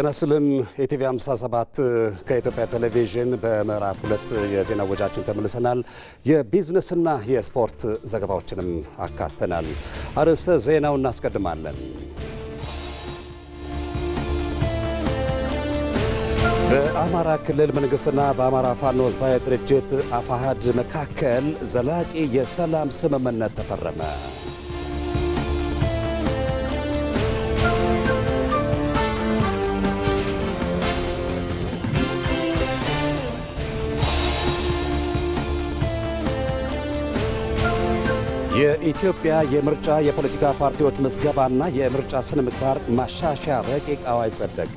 ጤና ይስጥልን። ኢቲቪ 57 ከኢትዮጵያ ቴሌቪዥን በምዕራፍ ሁለት የዜና ወጃችን ተመልሰናል። የቢዝነስና የስፖርት ዘገባዎችንም አካተናል። አርዕስተ ዜናው እናስቀድማለን። በአማራ ክልል መንግሥትና በአማራ ፋኖ ሕዝባዊ ድርጅት አፋሃድ መካከል ዘላቂ የሰላም ስምምነት ተፈረመ። የኢትዮጵያ የምርጫ የፖለቲካ ፓርቲዎች ምዝገባና የምርጫ ስነ ምግባር ማሻሻያ ረቂቅ አዋጅ ጸደቀ።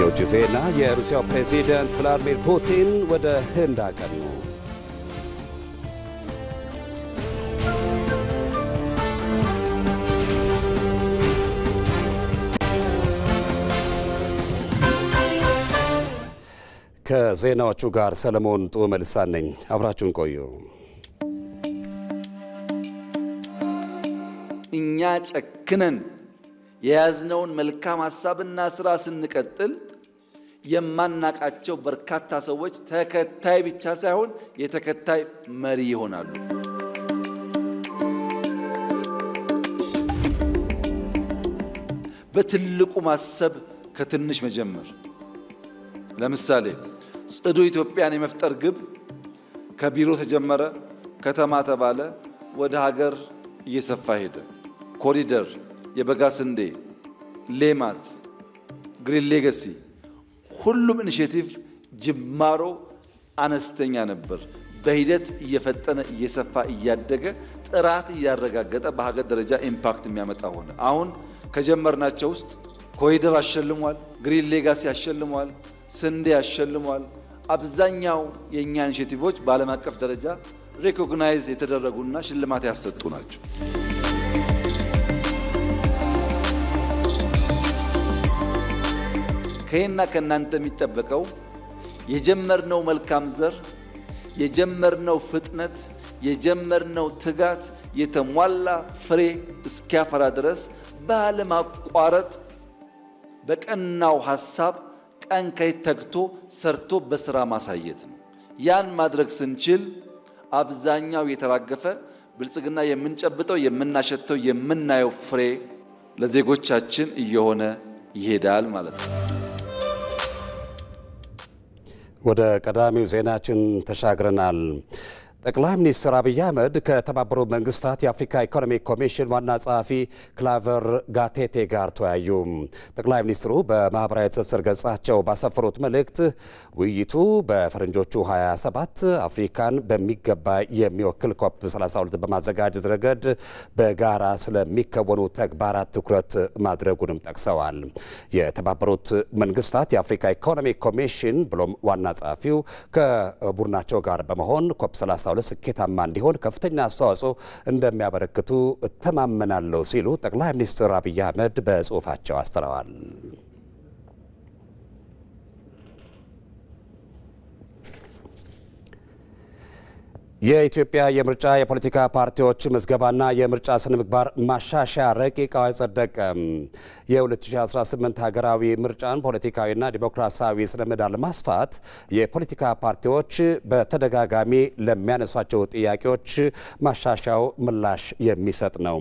የውጭ ዜና የሩሲያው ፕሬዚደንት ቭላዲሚር ፑቲን ወደ ህንድ አቀኑ። ከዜናዎቹ ጋር ሰለሞን ጡ መልሳን ነኝ። አብራችሁን ቆዩ። እኛ ጨክነን የያዝነውን መልካም ሀሳብና ስራ ስንቀጥል የማናቃቸው በርካታ ሰዎች ተከታይ ብቻ ሳይሆን የተከታይ መሪ ይሆናሉ። በትልቁ ማሰብ ከትንሽ መጀመር። ለምሳሌ ጽዱ ኢትዮጵያን የመፍጠር ግብ ከቢሮ ተጀመረ፣ ከተማ ተባለ፣ ወደ ሀገር እየሰፋ ሄደ። ኮሪደር፣ የበጋ ስንዴ፣ ሌማት፣ ግሪን ሌጋሲ፣ ሁሉም ኢኒሽቲቭ ጅማሮ አነስተኛ ነበር። በሂደት እየፈጠነ እየሰፋ እያደገ ጥራት እያረጋገጠ በሀገር ደረጃ ኢምፓክት የሚያመጣ ሆነ። አሁን ከጀመርናቸው ውስጥ ኮሪደር አሸልሟል፣ ግሪን ሌጋሲ አሸልሟል፣ ስንዴ ያሸልሟል። አብዛኛው የእኛ ኢኒሼቲቮች በዓለም አቀፍ ደረጃ ሬኮግናይዝ የተደረጉና ሽልማት ያሰጡ ናቸው። ከይህና ከእናንተ የሚጠበቀው የጀመርነው መልካም ዘር፣ የጀመርነው ፍጥነት፣ የጀመርነው ትጋት የተሟላ ፍሬ እስኪያፈራ ድረስ ባለማቋረጥ በቀናው ሀሳብ ቀን ከሌት ተግቶ ሰርቶ በስራ ማሳየት ነው። ያን ማድረግ ስንችል አብዛኛው የተራገፈ ብልጽግና የምንጨብጠው የምናሸተው የምናየው ፍሬ ለዜጎቻችን እየሆነ ይሄዳል ማለት ነው። ወደ ቀዳሚው ዜናችን ተሻግረናል። ጠቅላይ ሚኒስትር አብይ አህመድ ከተባበሩት መንግስታት የአፍሪካ ኢኮኖሚ ኮሚሽን ዋና ጸሐፊ ክላቨር ጋቴቴ ጋር ተወያዩ። ጠቅላይ ሚኒስትሩ በማኅበራዊ ትስስር ገጻቸው ባሰፈሩት መልእክት ውይይቱ በፈረንጆቹ 27 አፍሪካን በሚገባ የሚወክል ኮፕ 32 በማዘጋጀት ረገድ በጋራ ስለሚከወኑ ተግባራት ትኩረት ማድረጉንም ጠቅሰዋል። የተባበሩት መንግስታት የአፍሪካ ኢኮኖሚ ኮሚሽን ብሎም ዋና ጸሐፊው ከቡድናቸው ጋር በመሆን ኮፕ 2012 ስኬታማ እንዲሆን ከፍተኛ አስተዋጽኦ እንደሚያበረክቱ እተማመናለሁ ሲሉ ጠቅላይ ሚኒስትር አብይ አህመድ በጽሁፋቸው አስፍረዋል። የኢትዮጵያ የምርጫ የፖለቲካ ፓርቲዎች ምዝገባና የምርጫ ስነ ምግባር ማሻሻያ ረቂቅ አዋጅ ጸደቀ። የ2018 ሀገራዊ ምርጫን ፖለቲካዊና ዲሞክራሲያዊ ስነ ምህዳር ለማስፋት የፖለቲካ ፓርቲዎች በተደጋጋሚ ለሚያነሷቸው ጥያቄዎች ማሻሻያው ምላሽ የሚሰጥ ነው።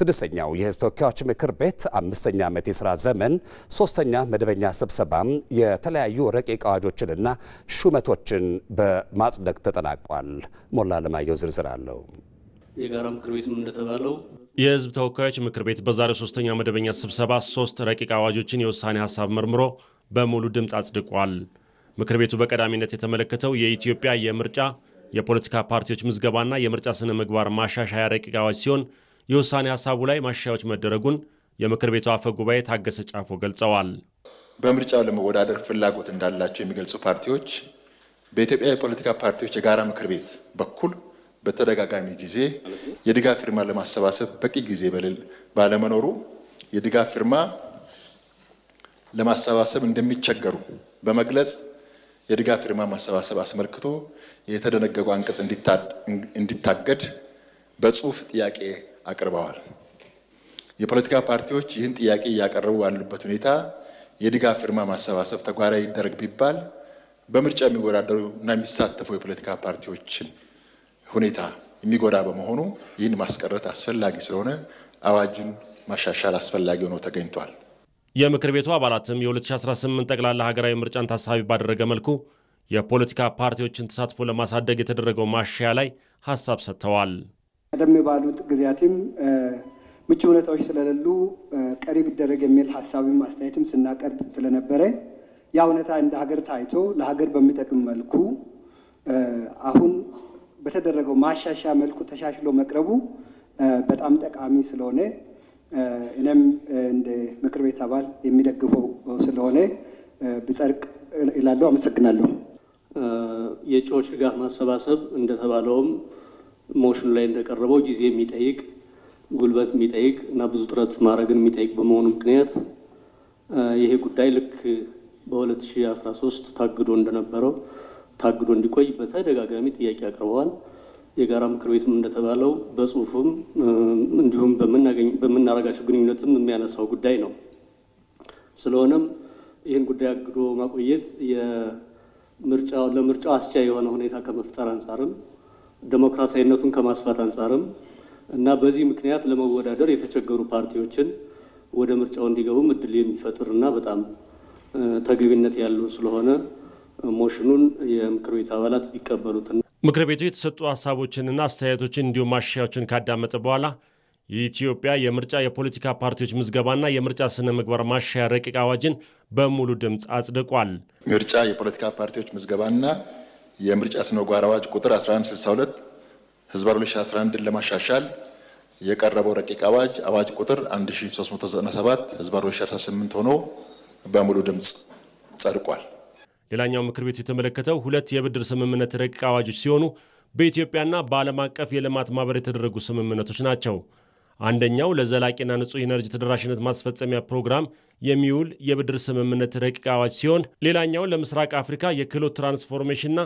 ስድስተኛው የህዝብ ተወካዮች ምክር ቤት አምስተኛ ዓመት የስራ ዘመን ሶስተኛ መደበኛ ስብሰባ የተለያዩ ረቂቅ አዋጆችንና ሹመቶችን በማጽደቅ ተጠናቋል። ሞላ ለማየው ዝርዝር አለው። የጋራ ምክር ቤቱም እንደተባለው የህዝብ ተወካዮች ምክር ቤት በዛሬው ሶስተኛ መደበኛ ስብሰባ ሶስት ረቂቅ አዋጆችን የውሳኔ ሀሳብ መርምሮ በሙሉ ድምፅ አጽድቋል። ምክር ቤቱ በቀዳሚነት የተመለከተው የኢትዮጵያ የምርጫ የፖለቲካ ፓርቲዎች ምዝገባና የምርጫ ስነ ምግባር ማሻሻያ ረቂቅ አዋጅ ሲሆን የውሳኔ ሀሳቡ ላይ ማሻሻያዎች መደረጉን የምክር ቤቱ አፈ ጉባኤ ታገሰ ጫፎ ገልጸዋል። በምርጫው ለመወዳደር ፍላጎት እንዳላቸው የሚገልጹ ፓርቲዎች በኢትዮጵያ የፖለቲካ ፓርቲዎች የጋራ ምክር ቤት በኩል በተደጋጋሚ ጊዜ የድጋፍ ፊርማ ለማሰባሰብ በቂ ጊዜ ባለመኖሩ የድጋፍ ፊርማ ለማሰባሰብ እንደሚቸገሩ በመግለጽ የድጋፍ ፊርማ ማሰባሰብ አስመልክቶ የተደነገጉ አንቀጽ እንዲታገድ በጽሁፍ ጥያቄ አቅርበዋል። የፖለቲካ ፓርቲዎች ይህን ጥያቄ እያቀረቡ ባሉበት ሁኔታ የድጋፍ ፊርማ ማሰባሰብ ተግባራዊ ይደረግ ቢባል በምርጫ የሚወዳደሩ እና የሚሳተፉ የፖለቲካ ፓርቲዎችን ሁኔታ የሚጎዳ በመሆኑ ይህን ማስቀረት አስፈላጊ ስለሆነ አዋጁን ማሻሻል አስፈላጊ ሆኖ ተገኝቷል። የምክር ቤቱ አባላትም የ2018 ጠቅላላ ሀገራዊ ምርጫን ታሳቢ ባደረገ መልኩ የፖለቲካ ፓርቲዎችን ተሳትፎ ለማሳደግ የተደረገው ማሻያ ላይ ሀሳብ ሰጥተዋል። ቀደም ባሉት ጊዜያትም ምቹ ሁኔታዎች ስለሌሉ ቀሪ ቢደረግ የሚል ሀሳብም አስተያየትም ስናቀርብ ስለነበረ ያ እውነታ እንደ ሀገር ታይቶ ለሀገር በሚጠቅም መልኩ አሁን በተደረገው ማሻሻያ መልኩ ተሻሽሎ መቅረቡ በጣም ጠቃሚ ስለሆነ እኔም እንደ ምክር ቤት አባል የሚደግፈው ስለሆነ ብጸርቅ እላለሁ። አመሰግናለሁ። የእጩዎች ድጋፍ ማሰባሰብ እንደተባለውም ሞሽን ላይ እንደቀረበው ጊዜ የሚጠይቅ ጉልበት የሚጠይቅ እና ብዙ ጥረት ማድረግን የሚጠይቅ በመሆኑ ምክንያት ይሄ ጉዳይ ልክ በ2013 ታግዶ እንደነበረው ታግዶ እንዲቆይ በተደጋጋሚ ጥያቄ አቅርበዋል። የጋራ ምክር ቤትም እንደተባለው በጽሁፍም እንዲሁም በምናረጋቸው ግንኙነትም የሚያነሳው ጉዳይ ነው። ስለሆነም ይህን ጉዳይ አግዶ ማቆየት ለምርጫው አስቻ የሆነ ሁኔታ ከመፍጠር አንጻርም ዴሞክራሲያዊነቱን ከማስፋት አንጻርም እና በዚህ ምክንያት ለመወዳደር የተቸገሩ ፓርቲዎችን ወደ ምርጫው እንዲገቡም እድል የሚፈጥር እና በጣም ተገቢነት ያለው ስለሆነ ሞሽኑን የምክር ቤት አባላት ቢቀበሉትና ምክር ቤቱ የተሰጡ ሀሳቦችንና አስተያየቶችን እንዲሁም ማሻያዎችን ካዳመጠ በኋላ የኢትዮጵያ የምርጫ የፖለቲካ ፓርቲዎች ምዝገባና የምርጫ ስነ ምግባር ማሻያ ረቂቅ አዋጅን በሙሉ ድምፅ አጽድቋል። ምርጫ የፖለቲካ ፓርቲዎች ምዝገባና የምርጫ ስነ ምግባር አዋጅ ቁጥር 1162 ህዝብ 2011 ለማሻሻል የቀረበው ረቂቅ አዋጅ አዋጅ ቁጥር 1397 ህዝብ 2018 ሆኖ በሙሉ ድምፅ ጸድቋል። ሌላኛው ምክር ቤት የተመለከተው ሁለት የብድር ስምምነት ረቂቅ አዋጆች ሲሆኑ በኢትዮጵያና በዓለም አቀፍ የልማት ማህበር የተደረጉ ስምምነቶች ናቸው። አንደኛው ለዘላቂና ንጹህ ኤነርጂ ተደራሽነት ማስፈጸሚያ ፕሮግራም የሚውል የብድር ስምምነት ረቂቅ አዋጅ ሲሆን ሌላኛው ለምስራቅ አፍሪካ የክህሎት ትራንስፎርሜሽንና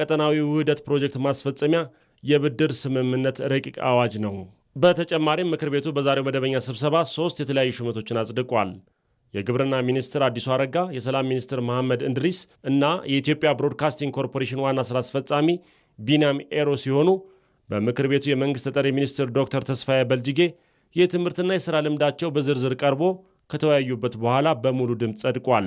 ቀጠናዊ ውህደት ፕሮጀክት ማስፈጸሚያ የብድር ስምምነት ረቂቅ አዋጅ ነው። በተጨማሪም ምክር ቤቱ በዛሬው መደበኛ ስብሰባ ሶስት የተለያዩ ሹመቶችን አጽድቋል። የግብርና ሚኒስትር አዲሱ አረጋ፣ የሰላም ሚኒስትር መሐመድ እንድሪስ እና የኢትዮጵያ ብሮድካስቲንግ ኮርፖሬሽን ዋና ስራ አስፈጻሚ ቢንያም ኤሮ ሲሆኑ በምክር ቤቱ የመንግስት ተጠሪ ሚኒስትር ዶክተር ተስፋዬ በልጅጌ የትምህርትና የሥራ ልምዳቸው በዝርዝር ቀርቦ ከተወያዩበት በኋላ በሙሉ ድምፅ ጸድቋል።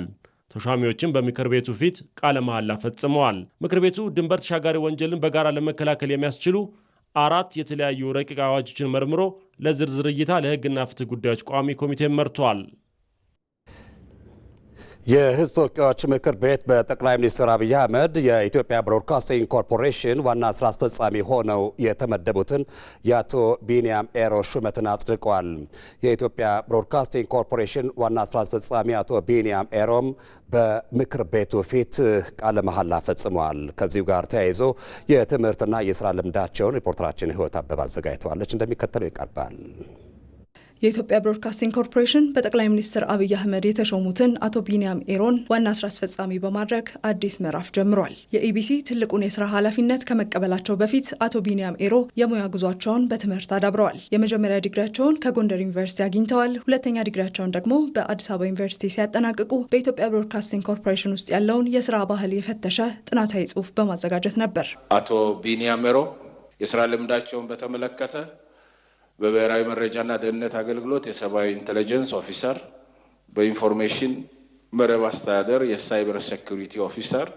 ተሿሚዎችም በምክር ቤቱ ፊት ቃለ መሐላ ፈጽመዋል። ምክር ቤቱ ድንበር ተሻጋሪ ወንጀልን በጋራ ለመከላከል የሚያስችሉ አራት የተለያዩ ረቂቅ አዋጆችን መርምሮ ለዝርዝር እይታ ለሕግና ፍትህ ጉዳዮች ቋሚ ኮሚቴ መርቷል። የህዝብ ተወካዮች ምክር ቤት በጠቅላይ ሚኒስትር አብይ አህመድ የኢትዮጵያ ብሮድካስቲንግ ኮርፖሬሽን ዋና ስራ አስፈጻሚ ሆነው የተመደቡትን የአቶ ቢንያም ኤሮ ሹመትን አጽድቋል። የኢትዮጵያ ብሮድካስቲንግ ኮርፖሬሽን ዋና ስራ አስፈጻሚ አቶ ቢንያም ኤሮም በምክር ቤቱ ፊት ቃለ መሐላ ፈጽመዋል። ከዚሁ ጋር ተያይዞ የትምህርትና የስራ ልምዳቸውን ሪፖርተራችን ህይወት አበባ አዘጋጅተዋለች፣ እንደሚከተለው ይቀርባል። የኢትዮጵያ ብሮድካስቲንግ ኮርፖሬሽን በጠቅላይ ሚኒስትር አብይ አህመድ የተሾሙትን አቶ ቢንያም ኤሮን ዋና ስራ አስፈጻሚ በማድረግ አዲስ ምዕራፍ ጀምሯል። የኢቢሲ ትልቁን የስራ ኃላፊነት ከመቀበላቸው በፊት አቶ ቢንያም ኤሮ የሙያ ጉዟቸውን በትምህርት አዳብረዋል። የመጀመሪያ ዲግሪያቸውን ከጎንደር ዩኒቨርሲቲ አግኝተዋል። ሁለተኛ ዲግሪያቸውን ደግሞ በአዲስ አበባ ዩኒቨርሲቲ ሲያጠናቅቁ በኢትዮጵያ ብሮድካስቲንግ ኮርፖሬሽን ውስጥ ያለውን የስራ ባህል የፈተሸ ጥናታዊ ጽሁፍ በማዘጋጀት ነበር። አቶ ቢንያም ኤሮ የስራ ልምዳቸውን በተመለከተ በብሔራዊ መረጃና ደህንነት አገልግሎት የሰብአዊ ኢንቴሊጀንስ ኦፊሰር፣ በኢንፎርሜሽን መረብ አስተዳደር የሳይበር ሴኩሪቲ ኦፊሰር፣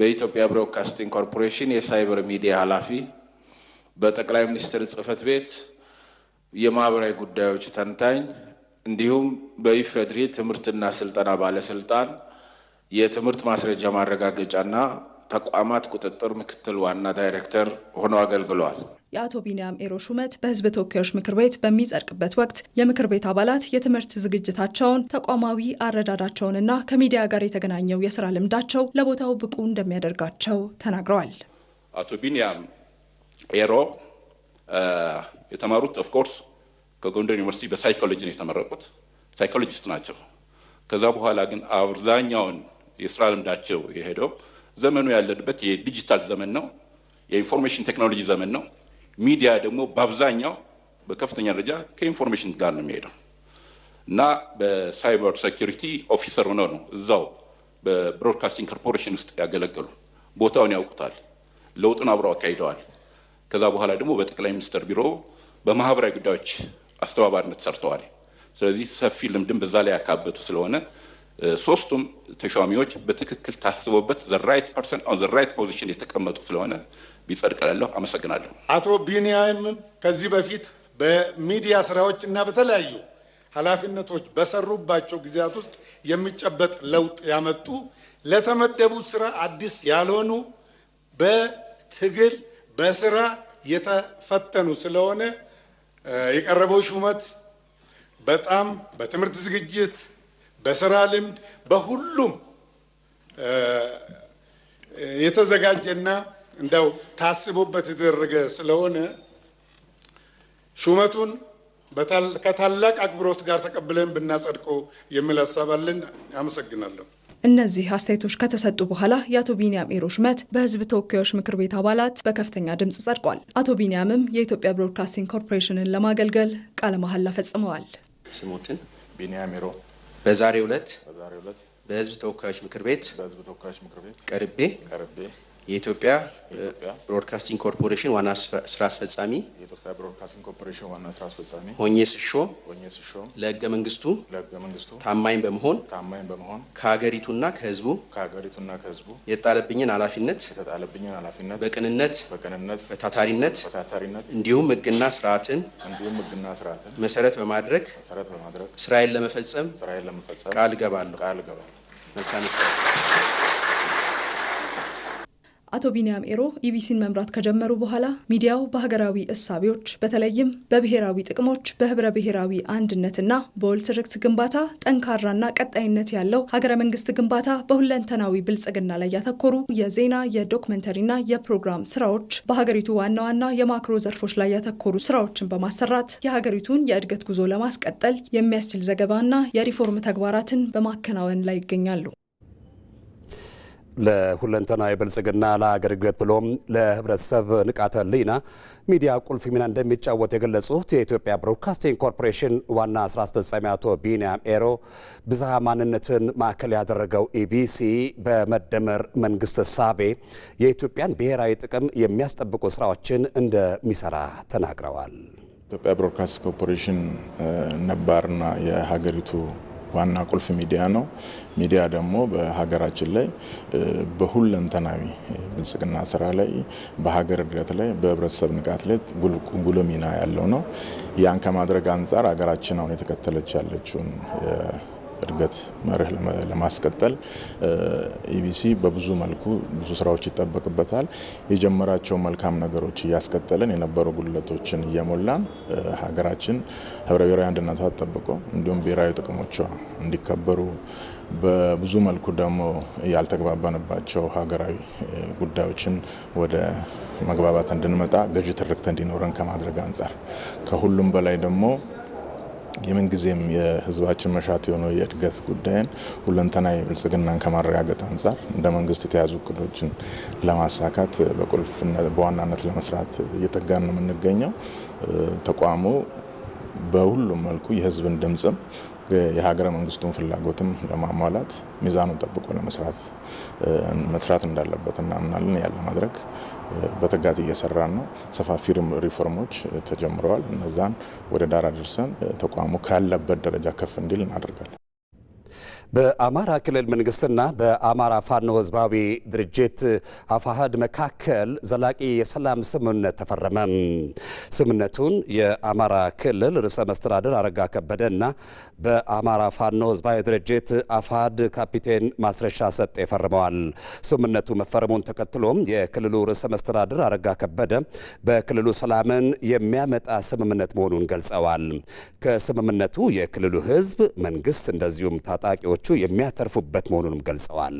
በኢትዮጵያ ብሮድካስቲንግ ኮርፖሬሽን የሳይበር ሚዲያ ኃላፊ፣ በጠቅላይ ሚኒስትር ጽህፈት ቤት የማህበራዊ ጉዳዮች ተንታኝ እንዲሁም በኢፌድሪ ትምህርትና ስልጠና ባለስልጣን የትምህርት ማስረጃ ማረጋገጫና ተቋማት ቁጥጥር ምክትል ዋና ዳይሬክተር ሆነው አገልግለዋል። የአቶ ቢንያም ኤሮ ሹመት በሕዝብ ተወካዮች ምክር ቤት በሚጸድቅበት ወቅት የምክር ቤት አባላት የትምህርት ዝግጅታቸውን፣ ተቋማዊ አረዳዳቸውንና ከሚዲያ ጋር የተገናኘው የስራ ልምዳቸው ለቦታው ብቁ እንደሚያደርጋቸው ተናግረዋል። አቶ ቢንያም ኤሮ የተማሩት ኦፍኮርስ ከጎንደር ዩኒቨርሲቲ በሳይኮሎጂ ነው የተመረቁት። ሳይኮሎጂስት ናቸው። ከዛ በኋላ ግን አብዛኛውን የስራ ልምዳቸው የሄደው ዘመኑ ያለንበት የዲጂታል ዘመን ነው። የኢንፎርሜሽን ቴክኖሎጂ ዘመን ነው። ሚዲያ ደግሞ በአብዛኛው በከፍተኛ ደረጃ ከኢንፎርሜሽን ጋር ነው የሚሄደው እና በሳይበር ሴኩሪቲ ኦፊሰር ሆነው ነው እዛው በብሮድካስቲንግ ኮርፖሬሽን ውስጥ ያገለገሉ። ቦታውን ያውቁታል። ለውጡን አብረው አካሂደዋል። ከዛ በኋላ ደግሞ በጠቅላይ ሚኒስትር ቢሮ በማህበራዊ ጉዳዮች አስተባባሪነት ሰርተዋል። ስለዚህ ሰፊ ልምድን በዛ ላይ ያካበቱ ስለሆነ ሶስቱም ተሿሚዎች በትክክል ታስቦበት ዘራይት ፐርሰን ኦን ዘራይት ፖዚሽን የተቀመጡ ስለሆነ ቢጸድቅላለሁ። አመሰግናለሁ። አቶ ቢኒያም ከዚህ በፊት በሚዲያ ስራዎች እና በተለያዩ ኃላፊነቶች በሰሩባቸው ጊዜያት ውስጥ የሚጨበጥ ለውጥ ያመጡ ለተመደቡ ስራ አዲስ ያልሆኑ በትግል በስራ የተፈተኑ ስለሆነ የቀረበው ሹመት በጣም በትምህርት ዝግጅት በስራ ልምድ በሁሉም የተዘጋጀና እንደው ታስቦበት የተደረገ ስለሆነ ሹመቱን ከታላቅ አክብሮት ጋር ተቀብለን ብናጸድቆ የሚል ሀሳብ አለን። አመሰግናለሁ። እነዚህ አስተያየቶች ከተሰጡ በኋላ የአቶ ቢንያም ኤሮ ሹመት በሕዝብ ተወካዮች ምክር ቤት አባላት በከፍተኛ ድምፅ ጸድቋል። አቶ ቢንያምም የኢትዮጵያ ብሮድካስቲንግ ኮርፖሬሽንን ለማገልገል ቃለ መሐላ ፈጽመዋል። ስሙትን ቢንያም ኤሮ በዛሬው ዕለት በህዝብ ተወካዮች ምክር ቤት ቀርቤ የኢትዮጵያ ብሮድካስቲንግ ኮርፖሬሽን uh, ዋና ስራ አስፈጻሚ የኢትዮጵያ ብሮድካስቲንግ ኮርፖሬሽን ዋና ስራ አስፈጻሚ ሆኜ ስሾም ለህገ መንግስቱ መንግስቱ ታማኝ በመሆን ታማኝ በመሆን ከሀገሪቱና ከህዝቡ ከሀገሪቱና ከህዝቡ የጣለብኝን ኃላፊነት የተጣለብኝን ኃላፊነት በቅንነት በቅንነት በታታሪነት በታታሪነት እንዲሁም ህግና ስርዓትን እንዲሁም ህግና ስርዓትን መሰረት በማድረግ መሰረት በማድረግ ስራዬን ለመፈጸም ስራዬን ለመፈጸም ቃል እገባለሁ ቃል እገባለሁ። መልካም ስራ አቶ ቢንያም ኤሮ ኢቢሲን መምራት ከጀመሩ በኋላ ሚዲያው በሀገራዊ እሳቤዎች በተለይም በብሔራዊ ጥቅሞች፣ በህብረ ብሔራዊ አንድነትና በወል ትርክት ግንባታ ጠንካራና ቀጣይነት ያለው ሀገረ መንግስት ግንባታ በሁለንተናዊ ብልጽግና ላይ ያተኮሩ የዜና የዶክመንተሪና የፕሮግራም ስራዎች በሀገሪቱ ዋና ዋና የማክሮ ዘርፎች ላይ ያተኮሩ ስራዎችን በማሰራት የሀገሪቱን የእድገት ጉዞ ለማስቀጠል የሚያስችል ዘገባና የሪፎርም ተግባራትን በማከናወን ላይ ይገኛሉ። ለሁለንተና የብልጽግና ለሀገር እድገት ብሎም ለህብረተሰብ ንቃተ ህሊና ሚዲያ ቁልፍ ሚና እንደሚጫወት የገለጹት የኢትዮጵያ ብሮድካስቲንግ ኮርፖሬሽን ዋና ስራ አስፈጻሚ አቶ ቢንያም ኤሮ ብዝሃ ማንነትን ማዕከል ያደረገው ኢቢሲ በመደመር መንግስት ሳቤ የኢትዮጵያን ብሔራዊ ጥቅም የሚያስጠብቁ ስራዎችን እንደሚሰራ ተናግረዋል። ኢትዮጵያ ብሮድካስት ኮርፖሬሽን ነባርና የሀገሪቱ ዋና ቁልፍ ሚዲያ ነው። ሚዲያ ደግሞ በሀገራችን ላይ በሁለንተናዊ ብልጽግና ስራ ላይ፣ በሀገር እድገት ላይ፣ በህብረተሰብ ንቃት ላይ ጉልህ ሚና ያለው ነው። ያን ከማድረግ አንጻር ሀገራችን አሁን የተከተለች ያለችውን እድገት መርህ ለማስቀጠል ኢቢሲ በብዙ መልኩ ብዙ ስራዎች ይጠበቅበታል። የጀመራቸው መልካም ነገሮች እያስቀጠልን የነበሩ ጉድለቶችን እየሞላን ሀገራችን ህብረ ብሔራዊ አንድነቷ ጠብቆ እንዲሁም ብሔራዊ ጥቅሞቿ እንዲከበሩ በብዙ መልኩ ደግሞ ያልተግባባንባቸው ሀገራዊ ጉዳዮችን ወደ መግባባት እንድንመጣ ገዥ ትርክት እንዲኖረን ከማድረግ አንጻር ከሁሉም በላይ ደግሞ የምንጊዜም የህዝባችን መሻት የሆነው የእድገት ጉዳይን ሁለንተናዊ ብልጽግናን ከማረጋገጥ አንጻር እንደ መንግስት የተያዙ እቅዶችን ለማሳካት በቁልፍ በዋናነት ለመስራት እየተጋን ነው የምንገኘው። ተቋሙ በሁሉም መልኩ የህዝብን ድምጽም የሀገረ መንግስቱን ፍላጎትም ለማሟላት ሚዛኑን ጠብቆ ለመስራት መስራት እንዳለበት እናምናለን። ያለ ማድረግ በትጋት እየሰራን ነው። ሰፋፊ ሪፎርሞች ተጀምረዋል። እነዛን ወደ ዳር አድርሰን ተቋሙ ካለበት ደረጃ ከፍ እንዲል እናደርጋለን። በአማራ ክልል መንግስትና በአማራ ፋኖ ህዝባዊ ድርጅት አፋህድ መካከል ዘላቂ የሰላም ስምምነት ተፈረመ። ስምምነቱን የአማራ ክልል ርዕሰ መስተዳደር አረጋ ከበደና በአማራ ፋኖ ህዝባዊ ድርጅት አፋህድ ካፒቴን ማስረሻ ሰጤ ፈርመዋል። ስምምነቱ መፈረሙን ተከትሎም የክልሉ ርዕሰ መስተዳደር አረጋ ከበደ በክልሉ ሰላምን የሚያመጣ ስምምነት መሆኑን ገልጸዋል። ከስምምነቱ የክልሉ ህዝብ፣ መንግስት እንደዚሁም ታጣቂዎች ነዋሪዎቹ የሚያተርፉበት መሆኑንም ገልጸዋል።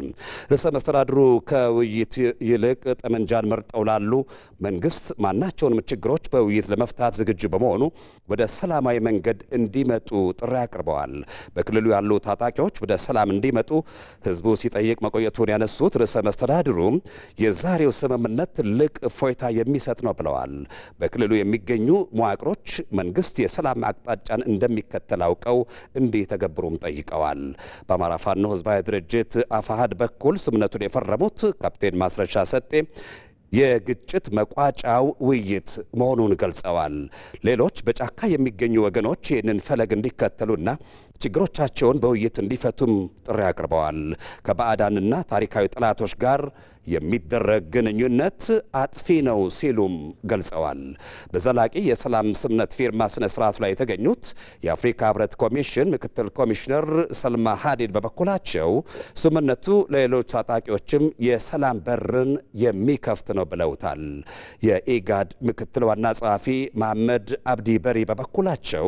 ርዕሰ መስተዳድሩ ከውይይት ይልቅ ጠመንጃን መርጠው ላሉ መንግስት ማናቸውንም ችግሮች በውይይት ለመፍታት ዝግጁ በመሆኑ ወደ ሰላማዊ መንገድ እንዲመጡ ጥሪ አቅርበዋል። በክልሉ ያሉ ታጣቂዎች ወደ ሰላም እንዲመጡ ህዝቡ ሲጠይቅ መቆየቱን ያነሱት ርዕሰ መስተዳድሩ የዛሬው ስምምነት ትልቅ እፎይታ የሚሰጥ ነው ብለዋል። በክልሉ የሚገኙ መዋቅሮች መንግስት የሰላም አቅጣጫን እንደሚከተል አውቀው እንዲተገብሩም ጠይቀዋል። በአማራ ፋኖ ህዝባዊ ድርጅት አፋሃድ በኩል ስምነቱን የፈረሙት ካፕቴን ማስረሻ ሰጤ የግጭት መቋጫው ውይይት መሆኑን ገልጸዋል። ሌሎች በጫካ የሚገኙ ወገኖች ይህንን ፈለግ እንዲከተሉና ችግሮቻቸውን በውይይት እንዲፈቱም ጥሪ አቅርበዋል። ከባዕዳንና ታሪካዊ ጠላቶች ጋር የሚደረግ ግንኙነት አጥፊ ነው ሲሉም ገልጸዋል። በዘላቂ የሰላም ስምነት ፊርማ ስነ ስርዓቱ ላይ የተገኙት የአፍሪካ ህብረት ኮሚሽን ምክትል ኮሚሽነር ሰልማ ሀዲድ በበኩላቸው ስምነቱ ለሌሎች ታጣቂዎችም የሰላም በርን የሚከፍት ነው ብለውታል። የኢጋድ ምክትል ዋና ጸሐፊ መሐመድ አብዲ በሪ በበኩላቸው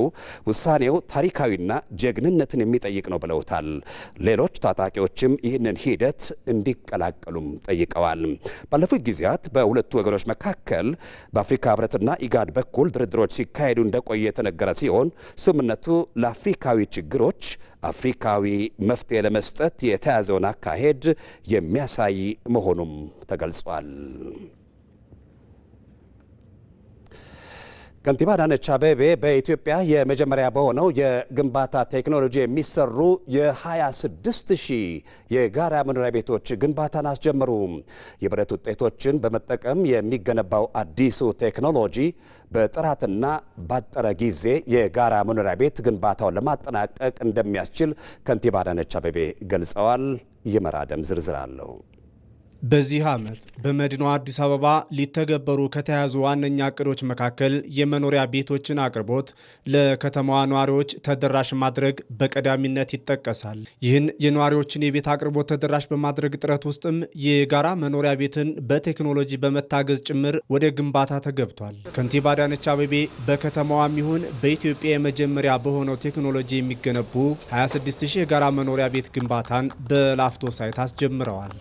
ውሳኔው ታሪካዊና ጀግንነትን የሚጠይቅ ነው ብለውታል። ሌሎች ታጣቂዎችም ይህንን ሂደት እንዲቀላቀሉም ጠይቀዋል። ጠይቀዋል። ባለፉት ጊዜያት በሁለቱ ወገኖች መካከል በአፍሪካ ህብረትና ኢጋድ በኩል ድርድሮች ሲካሄዱ እንደቆየ የተነገረ ሲሆን ስምምነቱ ለአፍሪካዊ ችግሮች አፍሪካዊ መፍትሄ ለመስጠት የተያዘውን አካሄድ የሚያሳይ መሆኑም ተገልጿል። ከንቲባ አዳነች አቤቤ በኢትዮጵያ የመጀመሪያ በሆነው የግንባታ ቴክኖሎጂ የሚሰሩ የ26 ሺህ የጋራ መኖሪያ ቤቶች ግንባታን አስጀመሩ። የብረት ውጤቶችን በመጠቀም የሚገነባው አዲሱ ቴክኖሎጂ በጥራትና ባጠረ ጊዜ የጋራ መኖሪያ ቤት ግንባታውን ለማጠናቀቅ እንደሚያስችል ከንቲባ አዳነች አቤቤ ገልጸዋል። የመራደም ዝርዝር አለው። በዚህ ዓመት በመዲናዋ አዲስ አበባ ሊተገበሩ ከተያዙ ዋነኛ እቅዶች መካከል የመኖሪያ ቤቶችን አቅርቦት ለከተማዋ ነዋሪዎች ተደራሽ ማድረግ በቀዳሚነት ይጠቀሳል። ይህን የነዋሪዎችን የቤት አቅርቦት ተደራሽ በማድረግ ጥረት ውስጥም የጋራ መኖሪያ ቤትን በቴክኖሎጂ በመታገዝ ጭምር ወደ ግንባታ ተገብቷል። ከንቲባ አዳነች አቤቤ በከተማዋም ይሁን በኢትዮጵያ የመጀመሪያ በሆነው ቴክኖሎጂ የሚገነቡ 26000 የጋራ መኖሪያ ቤት ግንባታን በላፍቶ ሳይት አስጀምረዋል።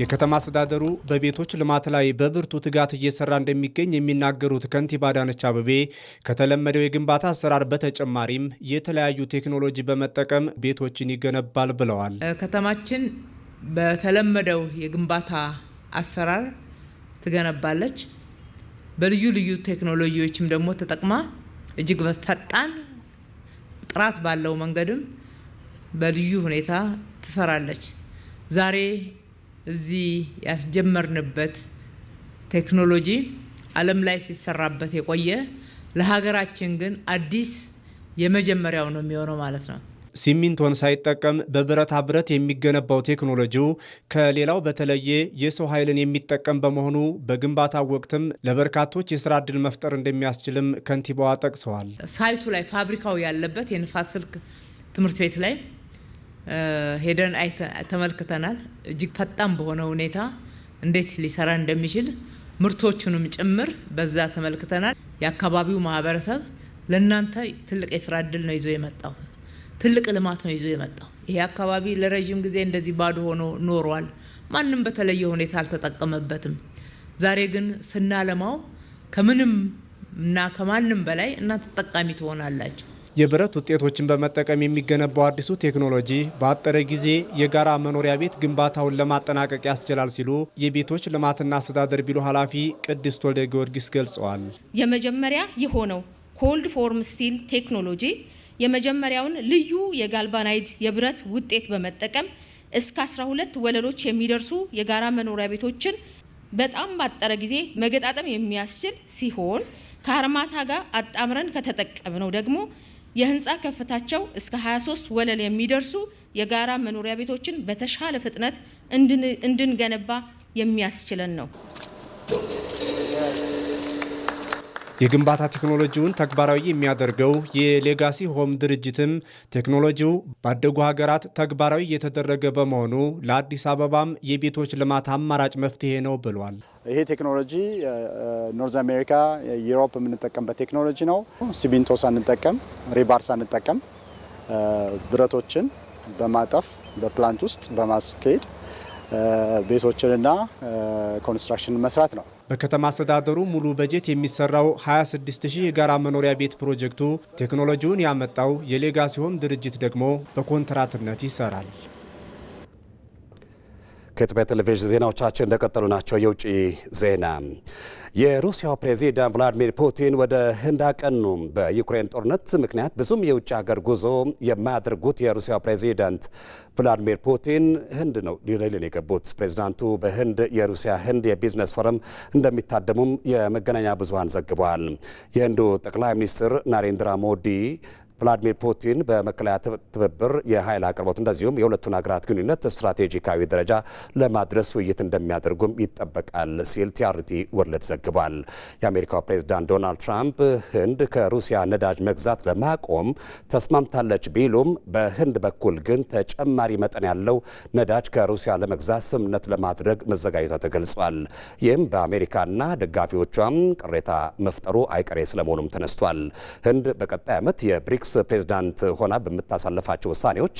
የከተማ አስተዳደሩ በቤቶች ልማት ላይ በብርቱ ትጋት እየሰራ እንደሚገኝ የሚናገሩት ከንቲባ አዳነች አቤቤ ከተለመደው የግንባታ አሰራር በተጨማሪም የተለያዩ ቴክኖሎጂ በመጠቀም ቤቶችን ይገነባል ብለዋል። ከተማችን በተለመደው የግንባታ አሰራር ትገነባለች። በልዩ ልዩ ቴክኖሎጂዎችም ደግሞ ተጠቅማ እጅግ በፈጣን ጥራት ባለው መንገድም በልዩ ሁኔታ ትሰራለች ዛሬ እዚህ ያስጀመርንበት ቴክኖሎጂ ዓለም ላይ ሲሰራበት የቆየ ለሀገራችን ግን አዲስ የመጀመሪያው ነው የሚሆነው ማለት ነው። ሲሚንቶን ሳይጠቀም በብረታ ብረት የሚገነባው ቴክኖሎጂው ከሌላው በተለየ የሰው ኃይልን የሚጠቀም በመሆኑ በግንባታ ወቅትም ለበርካቶች የስራ እድል መፍጠር እንደሚያስችልም ከንቲባዋ ጠቅሰዋል። ሳይቱ ላይ ፋብሪካው ያለበት የንፋስ ስልክ ትምህርት ቤት ላይ ሄደን ተመልክተናል። እጅግ ፈጣን በሆነ ሁኔታ እንዴት ሊሰራ እንደሚችል ምርቶቹንም ጭምር በዛ ተመልክተናል። የአካባቢው ማህበረሰብ ለእናንተ ትልቅ የስራ እድል ነው ይዞ የመጣው፣ ትልቅ ልማት ነው ይዞ የመጣው። ይሄ አካባቢ ለረዥም ጊዜ እንደዚህ ባዶ ሆኖ ኖሯል። ማንም በተለየ ሁኔታ አልተጠቀመበትም። ዛሬ ግን ስናለማው ከምንም እና ከማንም በላይ እናንተ ተጠቃሚ ትሆናላችሁ። የብረት ውጤቶችን በመጠቀም የሚገነባው አዲሱ ቴክኖሎጂ በአጠረ ጊዜ የጋራ መኖሪያ ቤት ግንባታውን ለማጠናቀቅ ያስችላል ሲሉ የቤቶች ልማትና አስተዳደር ቢሮ ኃላፊ ቅድስት ወልደ ጊዮርጊስ ገልጸዋል። የመጀመሪያ የሆነው ኮልድ ፎርም ስቲል ቴክኖሎጂ የመጀመሪያውን ልዩ የጋልቫናይድ የብረት ውጤት በመጠቀም እስከ 12 ወለሎች የሚደርሱ የጋራ መኖሪያ ቤቶችን በጣም ባጠረ ጊዜ መገጣጠም የሚያስችል ሲሆን ከአርማታ ጋር አጣምረን ከተጠቀምነው ደግሞ የህንፃ ከፍታቸው እስከ 23 ወለል የሚደርሱ የጋራ መኖሪያ ቤቶችን በተሻለ ፍጥነት እንድንገነባ የሚያስችለን ነው። የግንባታ ቴክኖሎጂውን ተግባራዊ የሚያደርገው የሌጋሲ ሆም ድርጅትም ቴክኖሎጂው ባደጉ ሀገራት ተግባራዊ እየተደረገ በመሆኑ ለአዲስ አበባም የቤቶች ልማት አማራጭ መፍትሄ ነው ብሏል። ይሄ ቴክኖሎጂ ኖርዝ አሜሪካ፣ ዩሮፕ የምንጠቀምበት ቴክኖሎጂ ነው። ሲሚንቶ ሳንጠቀም፣ ሪባር ሳንጠቀም ብረቶችን በማጠፍ በፕላንት ውስጥ በማስኬድ ቤቶችንና ኮንስትራክሽን መስራት ነው። በከተማ አስተዳደሩ ሙሉ በጀት የሚሰራው 26000 የጋራ መኖሪያ ቤት ፕሮጀክቱ ቴክኖሎጂውን ያመጣው የሌጋሲ ሆም ድርጅት ደግሞ በኮንትራትነት ይሰራል። ከኢትዮጵያ ቴሌቪዥን ዜናዎቻችን እንደቀጠሉ ናቸው። የውጭ ዜና። የሩሲያው ፕሬዚዳንት ቭላዲሚር ፑቲን ወደ ህንድ አቀኑ። በዩክሬን ጦርነት ምክንያት ብዙም የውጭ ሀገር ጉዞ የማያደርጉት የሩሲያው ፕሬዚዳንት ቭላዲሚር ፑቲን ህንድ ነው ኒውዴልሂን የገቡት። ፕሬዚዳንቱ በህንድ የሩሲያ ህንድ የቢዝነስ ፎረም እንደሚታደሙም የመገናኛ ብዙሀን ዘግበዋል። የህንዱ ጠቅላይ ሚኒስትር ናሬንድራ ሞዲ ቭላዲሚር ፑቲን በመከላያ ትብብር የኃይል አቅርቦት እንደዚሁም የሁለቱን ሀገራት ግንኙነት ስትራቴጂካዊ ደረጃ ለማድረስ ውይይት እንደሚያደርጉም ይጠበቃል ሲል ቲአርቲ ወርልድ ዘግቧል። የአሜሪካው ፕሬዚዳንት ዶናልድ ትራምፕ ህንድ ከሩሲያ ነዳጅ መግዛት ለማቆም ተስማምታለች ቢሉም በህንድ በኩል ግን ተጨማሪ መጠን ያለው ነዳጅ ከሩሲያ ለመግዛት ስምምነት ለማድረግ መዘጋጀቷ ተገልጿል። ይህም በአሜሪካና ደጋፊዎቿም ቅሬታ መፍጠሩ አይቀሬ ስለመሆኑም ተነስቷል። ህንድ በቀጣይ ዓመት የብሪክስ ፕሬዝዳንት ሆና በምታሳለፋቸው ውሳኔዎች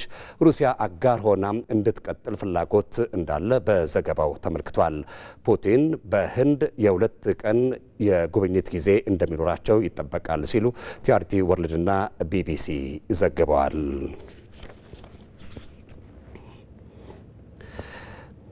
ሩሲያ አጋር ሆና እንድትቀጥል ፍላጎት እንዳለ በዘገባው ተመልክቷል። ፑቲን በህንድ የሁለት ቀን የጉብኝት ጊዜ እንደሚኖራቸው ይጠበቃል ሲሉ ቲአርቲ ወርልድና ቢቢሲ ዘግበዋል።